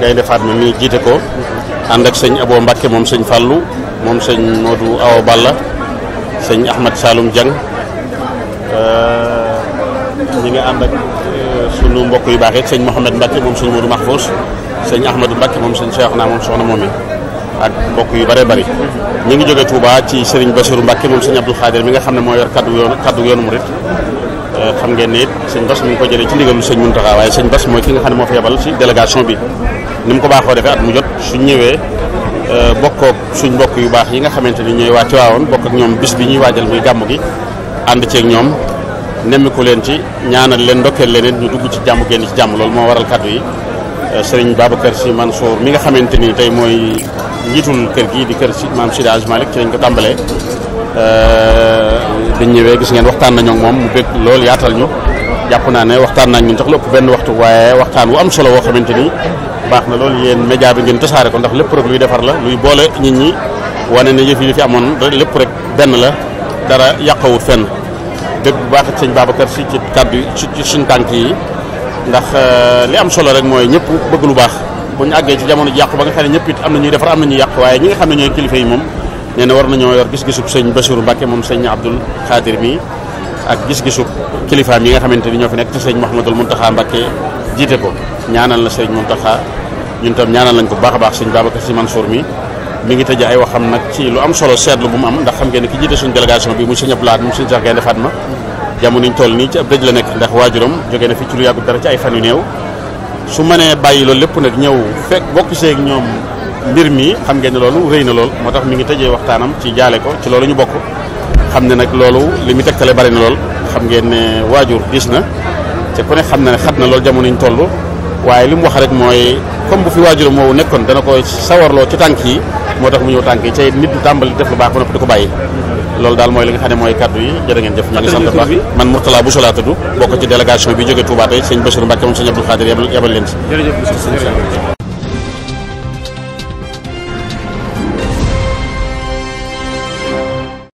gay fatma mi jité ko and ak seigne abo mbakke mom seigne fàllu mom seigne modou awa balla seigne ahmad salum jang euh, ñi nga and ak euh, sunu mbokk yu baxé seigne mohamed mbakke moom sëñ modou mahfous seigne ahmadou mbakke mom seigne cheikh na mom soxna momi ak mbokk yu bare bari ñi ngi jóge touba ci seigne bassirou mbakke mom seigne abdou khadir mi nga xamné mo yor kaddu yoon kaddu yoon murit euh, xam ngeen ne seigne bass bas mi ngi ko jëlé ci ndigam seigne muntaxa waye seigne bas moy ki nga xamné mo ci délégation bi ni mu ko baaxoo defee at mu jot suñ ñëwee euh, bokkook suñ mbokk yu baax yi nga xamante ni ñooy waa Tiwaawoon bokk ak ñoom bis bi ñuy waajal muy gàmm gi ànd ceeg ñoom nemmiku leen ci ñaanal leen ndokkeel leen ñu dugg ci jàmm génn ci jàmm loolu moo waral kàddu yi euh, sëriñ Babacar Sy Mansour mi nga xamante ni tey mooy njiitul kër gi di kër si maam Sidi Hadj ci lañ ko tàmbalee dañ euh, ñëwee gis ngeen waxtaan nañu moom mu bëgg loolu yaatal ñu jàpp naa ne waxtaan nañ ñun sax lu benn waxtu waxtaan wu am solo woo xamante ni baax na loolu yéen média bi ngeen tasaare ko ndax lépp rek luy defar la luy boole nit ñi wane ne yëf yi fi amoon lépp rek benn la dara yàqawut fenn dëgg bu baax ak sëñ Babacar si ci kàddu ci suñ tànk yi ndax euh, li am solo rek mooy ñëpp bëgg lu baax bu ñu àggee ci jamono ji yàqu ba nga xam ne ñëpp it am na ñuy defar am na ñuy yàq waaye ñi nga xam ne ñooy kilifa yi moom nee na war nañoo yor gis gisu sëñ Bassirou Mbacké moom sëñ Abdoul Khadir mi ak gis-gisub kilifaam yi nga xamante ni ñoo fi nekk te sëñ Mouhamadul Mountakha Mbacké jiite ko ñaanal la sëñ Mountakha ñun tam ñaanal nañ ko bu baax a baax sëñ Babacar Sy Mansour mi mi ngi tëjee ay waxam nag ci lu am solo seetlu bu mu am ndax xam ngeen ne ki jiite suñ délégation bi mu sëñ Abdoulaye moom sëñ Cheikh Gaïndé Fatma jamono ñu toll nii ci ab dëj la nekk ndax waajuram jóge na fi ci lu yàggu dara ci ay fan yu néew su mënee bàyyi loolu lépp nag ñëw fekk bokk seeg ñoom mbir mi xam ngeen ne loolu rëy na lool moo tax mi ngi tëjee waxtaanam ci jaale ko ci loolu ñu bokk xam ne nag loolu li mu tegtale bari na lool xam ngeen ne waajur gis na te ku ne xam na ne xat na lool jamono ñu toll waaye li mu wax rek mooy comme bu fi waajuram woowu nekkoon dana ko sawarloo ci tànk yi moo tax mu ñëw tànk yi te nit du tàmbali def lu baax ba noppi di ko bàyyi loolu daal mooy li nga xam ne mooy kaddu yi jërë ngeen jëf ñu ngi sant baax man Mourtala Bousso laa tudd bokk ci délégation bi jógee Touba tey sëñ Bassirou Mbacke moom sëñ Abdou Khadir yebal leen ci